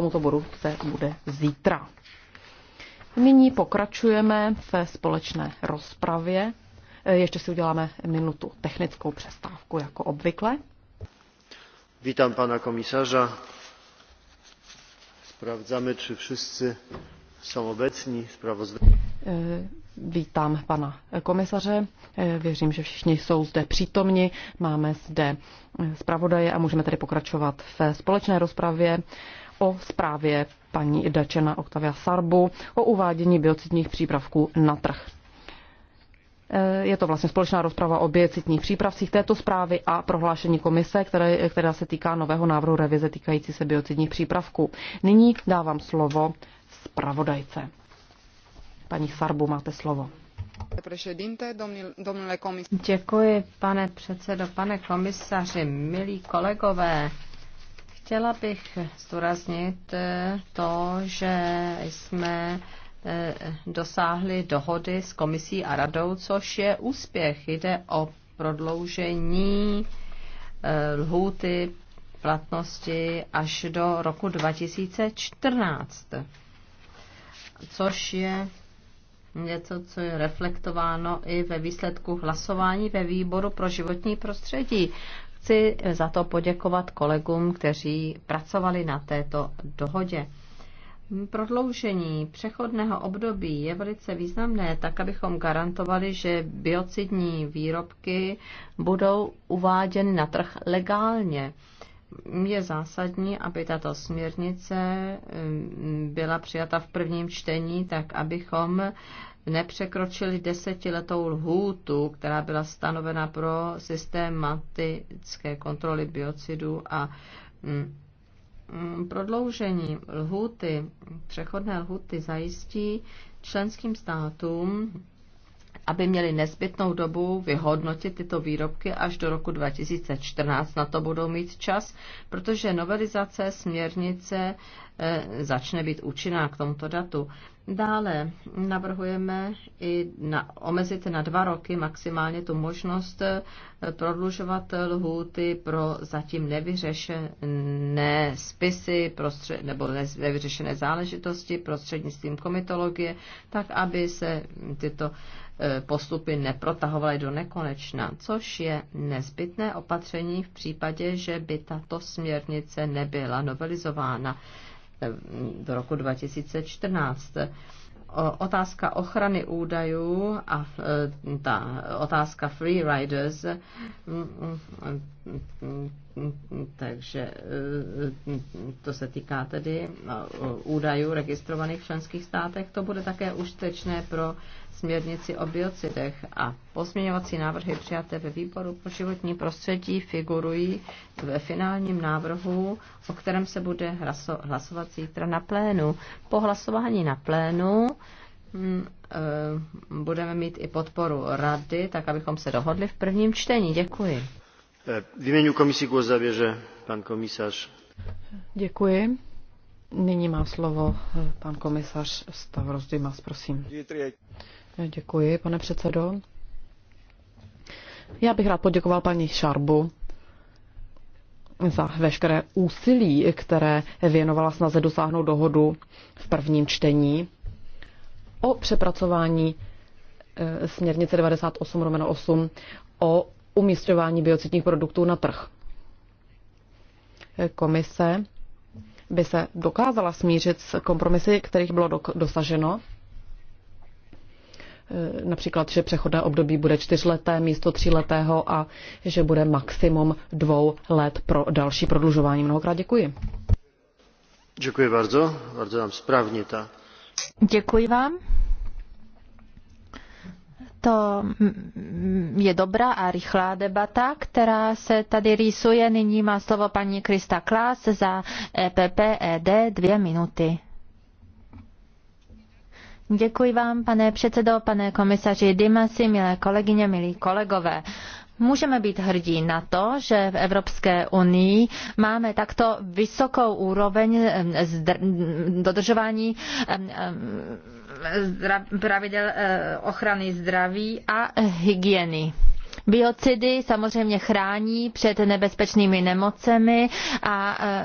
tomuto bodu se bude zítra. Nyní pokračujeme ve společné rozpravě. Eh, ještě si uděláme minutu technickou přestávku, jako obvykle. Vítám pana komisaře. Sprawdzamy, czy wszyscy są obecni. Sprawozdanie. Eh, vítám pana komisaře. Eh, věřím, že všichni jsou zde přítomni. Máme zde zpravodaje a můžeme tedy pokračovat ve společné rozpravě o zprávě paní Dačena Octavia Sarbu o uvádění biocidních přípravků na trh. Eh, je to vlastně společná rozprava o biocidních přípravcích této zprávy a prohlášení komise, které, která se týká nového návrhu revize týkající se biocidních přípravků. Nyní dávám slovo zpravodajce. Paní Sarbu, máte slovo. Děkuji, pane předsedo, pane komisaři, milí kolegové. Chtěla bych zdůraznit eh, to, že jsme eh, dosáhli dohody s komisí a radou, což je úspěch. Jde o prodloužení eh, lhůty platnosti až do roku 2014, což je něco, co je reflektováno i ve výsledku hlasování ve výboru pro životní prostředí. Chci za to poděkovat kolegům, kteří pracovali na této dohodě. Prodloužení přechodného období je velice významné, tak abychom garantovali, že biocidní výrobky budou uváděny na trh legálně. Je zásadní, aby tato směrnice mm, byla přijata v prvním čtení, tak abychom nepřekročili desetiletou lhůtu, která byla stanovena pro systematické kontroly biocidů a mm, mm, prodloužení lhůty, přechodné lhůty zajistí členským státům, aby měli nezbytnou dobu vyhodnotit tyto výrobky až do roku 2014. Na to budou mít čas, protože novelizace směrnice eh, začne být účinná k tomuto datu. Dále navrhujeme i na, omezit na dva roky maximálně tu možnost eh, prodlužovat lhůty pro zatím nevyřešené spisy prostřed, nebo nevyřešené záležitosti prostřednictvím komitologie, tak aby se tyto eh, postupy neprotahovaly do nekonečna, což je nezbytné opatření v případě, že by tato směrnice nebyla novelizována do roku 2014. Otázka ochrany údajů a e, ta otázka free riders takže eh, to se týká tedy no, údajů registrovaných v členských státech. To bude také užtečné pro směrnici o biocidech a pozměňovací návrhy přijaté ve výboru pro životní prostředí figurují ve finálním návrhu, o kterém se bude hlasovat zítra na plénu. Po hlasování na plénu hm, eh, budeme mít i podporu rady, tak abychom se dohodli v prvním čtení. Děkuji. V jménu komisí głos komisař. Děkuji. Nyní má slovo eh, pan komisař Stavros Dimas, prosím. Děkuji, pane předsedo. Já bych rád poděkoval paní Šarbu za veškeré úsilí, které věnovala snaze dosáhnout dohodu v prvním čtení o přepracování eh, směrnice 98 8 o umístování biocidních produktů na trh. Komise by se dokázala smířit s kompromisy, kterých bylo dosaženo. E, například, že přechodné období bude čtyřleté místo tříletého a že bude maximum dvou let pro další prodlužování. Mnohokrát děkuji. Děkuji bardzo, bardzo vám správně ta. Děkuji vám. To je dobrá a rychlá debata, která se tady rýsuje. Nyní má slovo paní Krista Klás za EPPED dvě minuty. Děkuji vám, pane předsedo, pane komisaři Dimasi, milé kolegyně, milí kolegové. Můžeme být hrdí na to, že v Evropské unii máme takto vysokou úroveň eh, dodržování eh, eh, pravidel eh, ochrany zdraví a hygieny. Biocidy samozřejmě chrání před nebezpečnými nemocemi a e,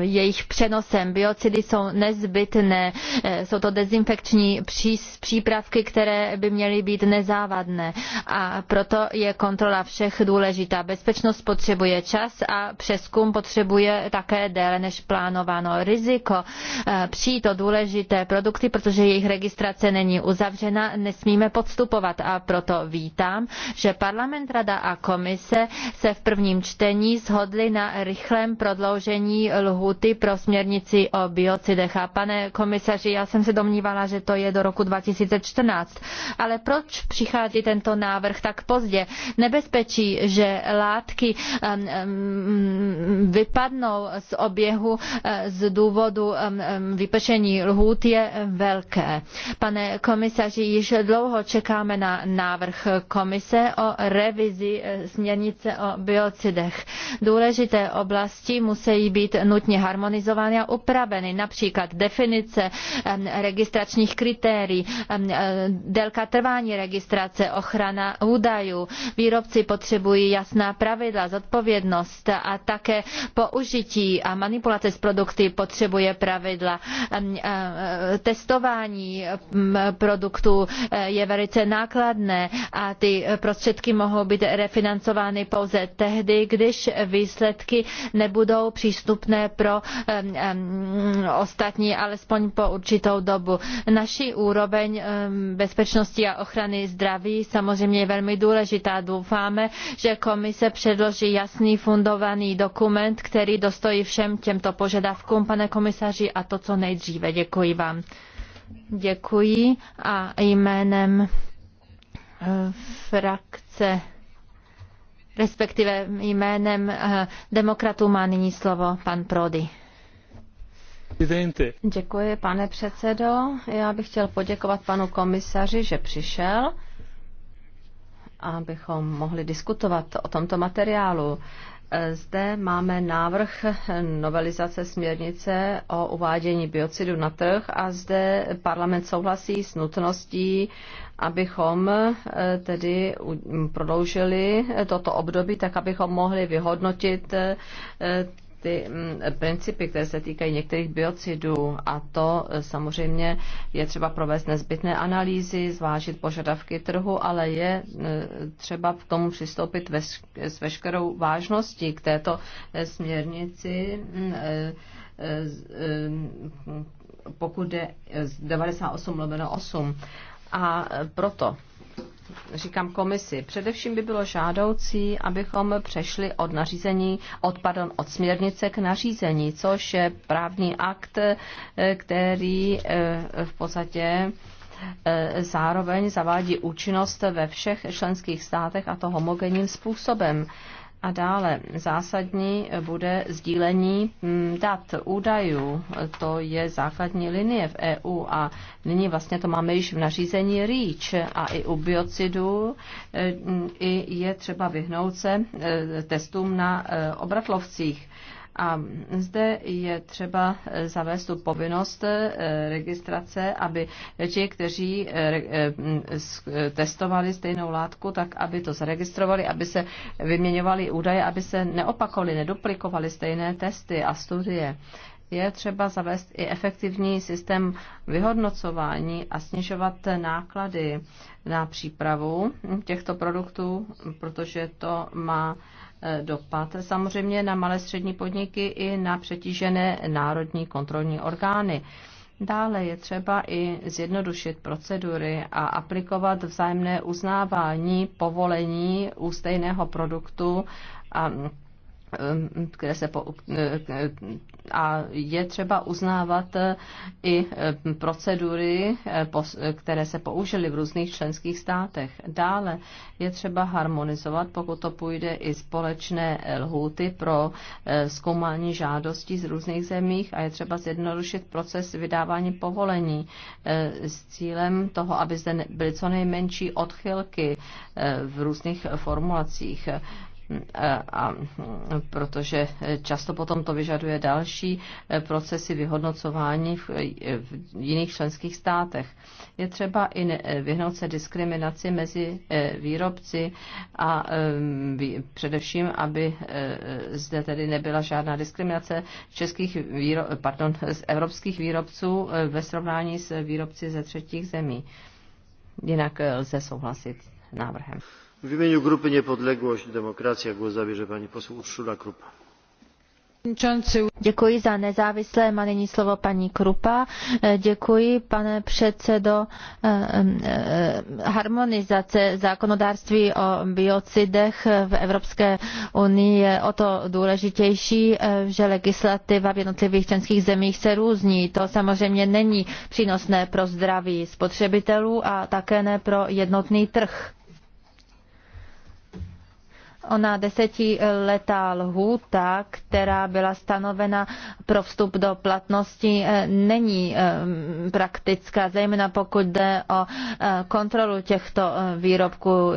e, jejich přenosem. Biocidy jsou nezbytné. E, jsou to dezinfekční přípravky, které by měly být nezávadné. A proto je kontrola všech důležitá. Bezpečnost potřebuje čas a přeskum potřebuje také déle než plánováno. Riziko přijít o důležité produkty, protože jejich registrace není uzavřena, nesmíme podstupovat. A proto vítám, že parlament Parlament, Rada a Komise se v prvním čtení shodly na rychlém prodloužení lhuty pro směrnici o biocidech. A pane komisaři, já jsem se domnívala, že to je do roku 2014. Ale proč přichází tento návrh tak pozdě? Nebezpečí, že látky um, um, vypadnou z oběhu uh, z důvodu um, vypršení lhůt je velké. Pane komisaři, již dlouho čekáme na návrh komise o revizi eh, směrnice o biocidech. Důležité oblasti musí být nutně harmonizovány a upraveny, například definice eh, registračních kritérií, eh, délka trvání registrace, ochrana údajů. Výrobci potřebují jasná pravidla, zodpovědnost a také použití a manipulace s produkty potřebuje pravidla. Ehm, testování mm, produktů je velice nákladné a ty prostředky mohou mohou být refinancovány pouze tehdy, když výsledky nebudou přístupné pro ostatní alespoň po určitou dobu. Naší úroveň bezpečnosti a ochrany zdraví samozřejmě je velmi důležitá. Doufáme, že komise předloží jasný fundovaný dokument, který dostojí všem těmto požadavkům, pane komisaři, a to co nejdříve. Děkuji vám. Děkuji a jménem frakce, respektive jménem eh, demokratů má nyní slovo pan Prody. Děkuji, pane předsedo. Já bych chtěl poděkovat panu komisaři, že přišel, abychom mohli diskutovat o tomto materiálu. Zde máme návrh novelizace směrnice o uvádění biocidu na trh a zde parlament souhlasí s nutností, abychom eh, tedy prodloužili toto období, tak abychom mohli vyhodnotit eh, ty mm, principy, které se týkají některých biocidů a to e, samozřejmě je třeba provést nezbytné analýzy, zvážit požadavky trhu, ale je e, třeba k tomu přistoupit ve, s veškerou vážností k této e, směrnici mm, pokud je 98 lomeno 8. A proto říkám komisi, především by bylo žádoucí, abychom přešli od nařízení, od, pardon, od směrnice k nařízení, což je právní akt, eh, který eh, v podstatě eh, zároveň zavádí účinnost ve všech členských státech a to homogenním způsobem. A dále zásadní bude sdílení mm, dat, údajů. To je základní linie v EU a nyní vlastně to máme již v nařízení REACH a i u biocidů e, i je třeba vyhnout se e, testům na e, obratlovcích a zde je třeba zavést tu povinnost eh, registrace, aby ti, kteří eh, eh, testovali stejnou látku, tak aby to zaregistrovali, aby se vyměňovali údaje, aby se neopakovali, neduplikovali stejné testy a studie je třeba zavést i efektivní systém vyhodnocování a snižovat náklady na přípravu těchto produktů, protože to má Eh, dopad samozřejmě na malé střední podniky i na přetížené národní kontrolní orgány. Dále je třeba i zjednodušit procedury a aplikovat vzájemné uznávání povolení u stejného produktu a Um, které se po, uh, uh, a je třeba uznávat uh, i um, procedury, které se použily v různých členských státech. Dále je třeba harmonizovat, pokud to půjde, i společné eh, lhůty pro eh, zkoumání žádostí z různých zemích a je třeba zjednodušit proces vydávání povolení eh, s cílem toho, aby zde byly co nejmenší odchylky v různých formulacích a protože často potom to vyžaduje další eh, procesy vyhodnocování eh, v, jiných členských státech. Je třeba i eh, vyhnout se diskriminaci mezi výrobci a především, aby zde tedy nebyla žádná diskriminace českých výro, pardon, z evropských výrobců ve srovnání s výrobci ze třetích zemí. Jinak lze souhlasit návrhem v imieniu grupy niepodległość i demokracja głos zabierze pani poseł ursula krupa. Děkuji za nezávislé, má nyní slovo paní Krupa. E, Děkuji, pane předsedo. E, e, Harmonizace zákonodárství o biocidech v Evropské unii je o to důležitější, že legislativa v jednotlivých členských zemích se různí. To samozřejmě není přínosné pro zdraví spotřebitelů a také ne pro jednotný trh ona desetiletá e, lhůta, která byla stanovena pro vstup do platnosti, e, není e, praktická, zejména pokud jde o kontrolu těchto výrobků.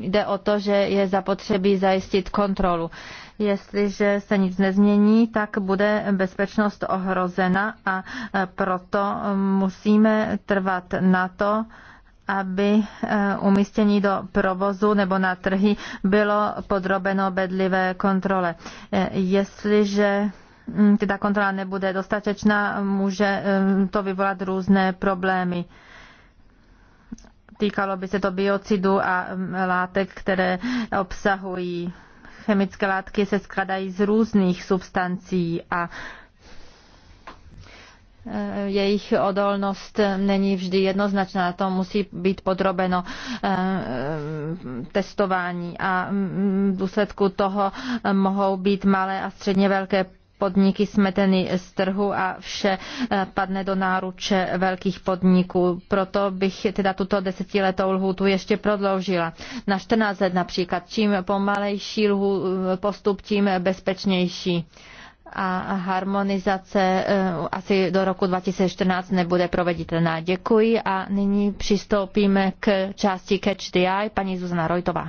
Jde o to, že je zapotřebí zajistit kontrolu. Jestliže se nic nezmění, tak bude bezpečnost ohrozena a proto musíme trvat na to, aby eh, umístění do provozu nebo na trhy bylo podrobeno bedlivé kontrole. Eh, jestliže hm, teda kontrola nebude dostatečná, může hm, to vyvolat různé problémy. Týkalo by se to biocidů a hm, látek, které obsahují chemické látky se skladají z různých substancí a Eh, jejich odolnost není vždy jednoznačná, to musí být podrobeno eh, testování a mm, v důsledku toho eh, mohou být malé a středně velké podniky smeteny z trhu a vše padne do náruče velkých podniků. Proto bych teda tuto desetiletou lhůtu ještě prodloužila na 14 let například. Čím pomalejší lhů, postup, tím bezpečnější a harmonizace eh, asi do roku 2014 nebude proveditelná. Děkuji a nyní přistoupíme k části Catch the Eye. Paní Zuzana Rojtová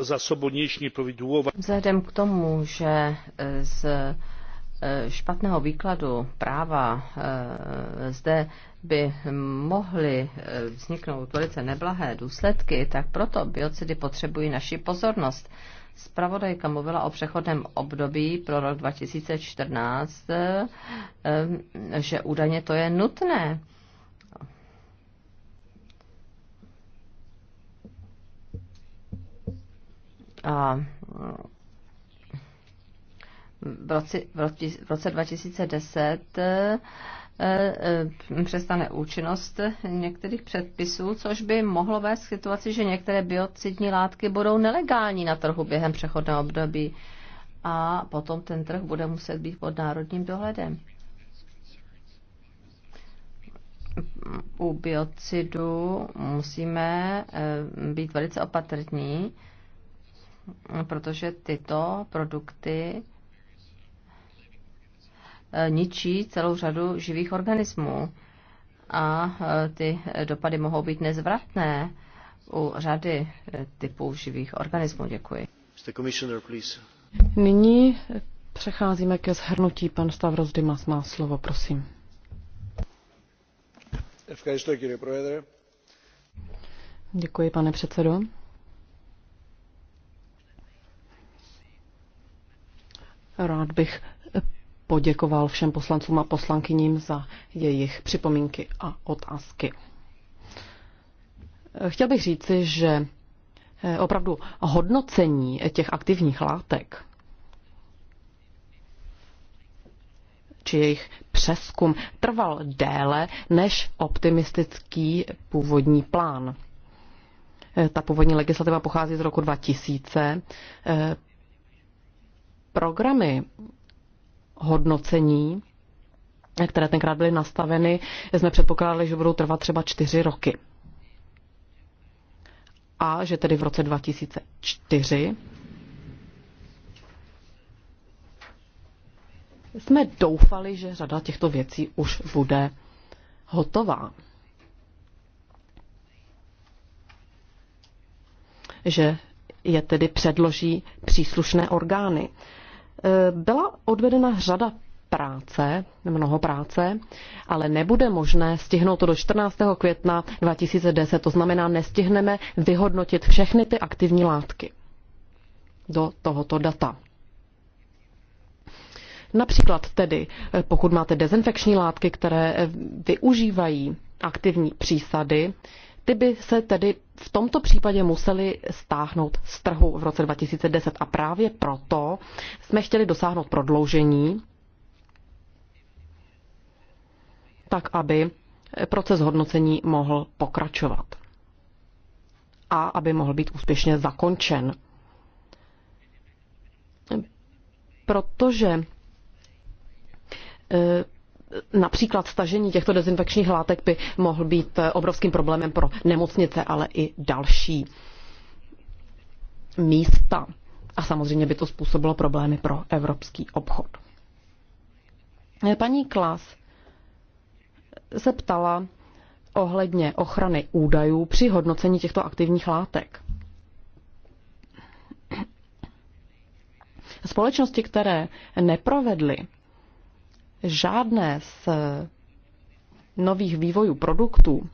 zasobonieć nieprawidłowa. Vzhledem k tomu, že e, z e, špatného výkladu práva e, zde by mohly vzniknout velice neblahé důsledky, tak proto biocidy potřebují naši pozornost. Spravodajka mluvila o přechodném období pro rok 2014, že údajně to je nutné A v roce, v roce 2010 e, e, přestane účinnost některých předpisů, což by mohlo vést k situaci, že některé biocidní látky budou nelegální na trhu během přechodného období a potom ten trh bude muset být pod národním dohledem. U biocidu musíme e, být velice opatrní, protože tyto produkty eh, ničí celou řadu živých organismů a eh, ty dopady mohou být nezvratné u řady eh, typů živých organismů. Děkuji. Nyní přecházíme ke shrnutí. Pan Stavros Dimas má slovo, prosím. Děkuji, pane předsedo. Rád bych poděkoval všem poslancům a poslankyním za jejich připomínky a otázky. Chtěl bych říci, že eh, opravdu hodnocení těch aktivních látek či jejich přeskum trval déle než optimistický původní plán. Eh, ta původní legislativa pochází z roku 2000 programy hodnocení, které tenkrát byly nastaveny, jsme předpokládali, že budou trvat třeba čtyři roky. A že tedy v roce 2004 jsme doufali, že řada těchto věcí už bude hotová. Že je tedy předloží příslušné orgány. Eh, byla odvedena řada práce, mnoho práce, ale nebude možné stihnout to do 14. května 2010. To znamená, nestihneme vyhodnotit všechny ty aktivní látky do tohoto data. Například tedy, eh, pokud máte dezinfekční látky, které eh, využívají aktivní přísady, ty by se tedy v tomto případě museli stáhnout z trhu v roce 2010 a právě proto jsme chtěli dosáhnout prodloužení, tak aby proces hodnocení mohl pokračovat a aby mohl být úspěšně zakončen. Protože eh, například stažení těchto dezinfekčních látek by mohl být eh, obrovským problémem pro nemocnice, ale i další místa. A samozřejmě by to způsobilo problémy pro evropský obchod. Eh, paní Klas se ptala ohledně ochrany údajů při hodnocení těchto aktivních látek. Společnosti, které neprovedly žádné z nových vývojů produktů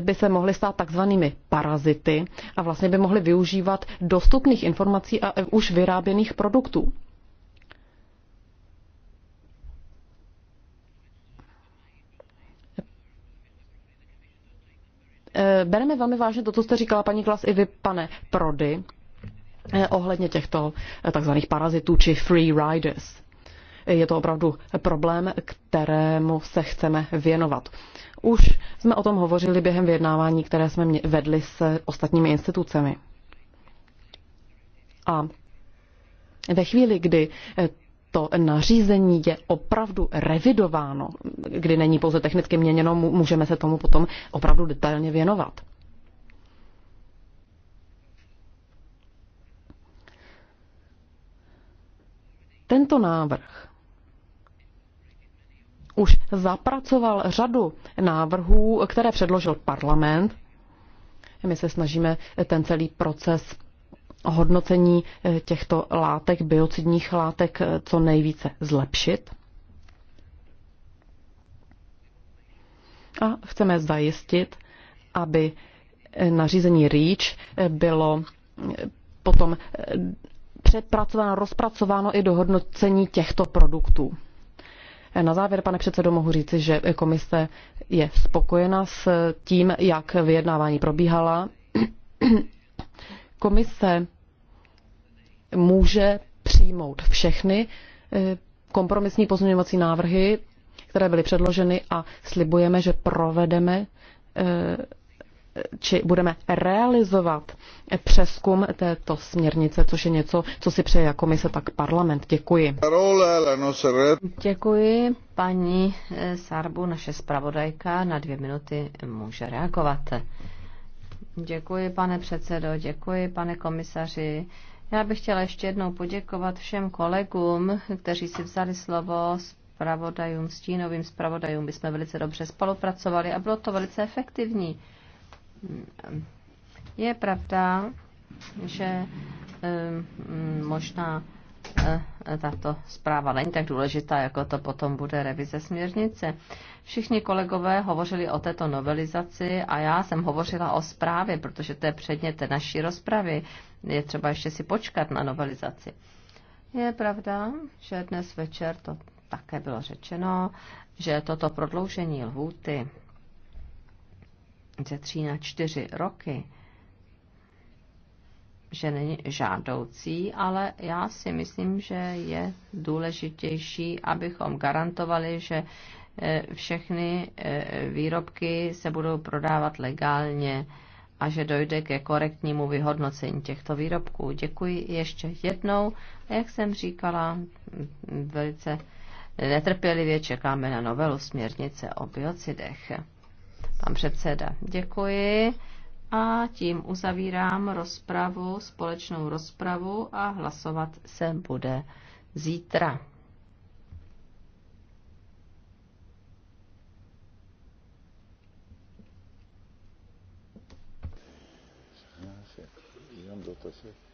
by se mohly stát takzvanými parazity a vlastně by mohly využívat dostupných informací a už vyráběných produktů. Bereme velmi vážně to, co jste říkala, paní Klas, i vy, pane Prody, eh, ohledně těchto eh, takzvaných parazitů či free riders. Je to opravdu problém, kterému se chceme věnovat. Už jsme o tom hovořili během vyjednávání, které jsme vedli s ostatními institucemi. A ve chvíli, kdy eh, to nařízení je opravdu revidováno, kdy není pouze technicky měněno, můžeme se tomu potom opravdu detailně věnovat. Tento návrh už zapracoval řadu návrhů, které předložil parlament. My se snažíme ten celý proces hodnocení eh, těchto látek, biocidních látek, eh, co nejvíce zlepšit. A chceme zajistit, aby eh, nařízení REACH bylo potom přepracováno, rozpracováno i do hodnocení těchto produktů. Na závěr, pane předsedo, mohu říci, že komise je spokojena s tím, jak vyjednávání probíhala. Komise může přijmout všechny eh, kompromisní pozměňovací návrhy, které byly předloženy a slibujeme, že provedeme eh, či budeme realizovat přeskum této směrnice, což je něco, co si přeje komise, jako tak parlament. Děkuji. Děkuji. Paní eh, Sarbu, naše zpravodajka, na dvě minuty může reagovat. Děkuji, pane předsedo, děkuji, pane komisaři. Já bych chtěla ještě jednou poděkovat všem kolegům, kteří si vzali slovo, zpravodajům, stínovým zpravodajům. My jsme velice dobře spolupracovali a bylo to velice efektivní. Je pravda, že možná eh, tato zpráva není tak důležitá, jako to potom bude revize směrnice. Všichni kolegové hovořili o této novelizaci a já jsem hovořila o zprávě, protože to je předmět naší rozpravy. Je třeba ještě si počkat na novelizaci. Je pravda, že dnes večer to také bylo řečeno, že toto prodloužení lhůty ze 3 na 4 roky že není žádoucí, ale já si myslím, že je důležitější, abychom garantovali, že e, všechny e, výrobky se budou prodávat legálně a že dojde ke korektnímu vyhodnocení těchto výrobků. Děkuji ještě jednou. Jak jsem říkala, velice netrpělivě čekáme na novelu směrnice o biocidech. Pan předseda, děkuji. A tím uzavírám rozpravu, společnou rozpravu a hlasovat se bude zítra. Gracias.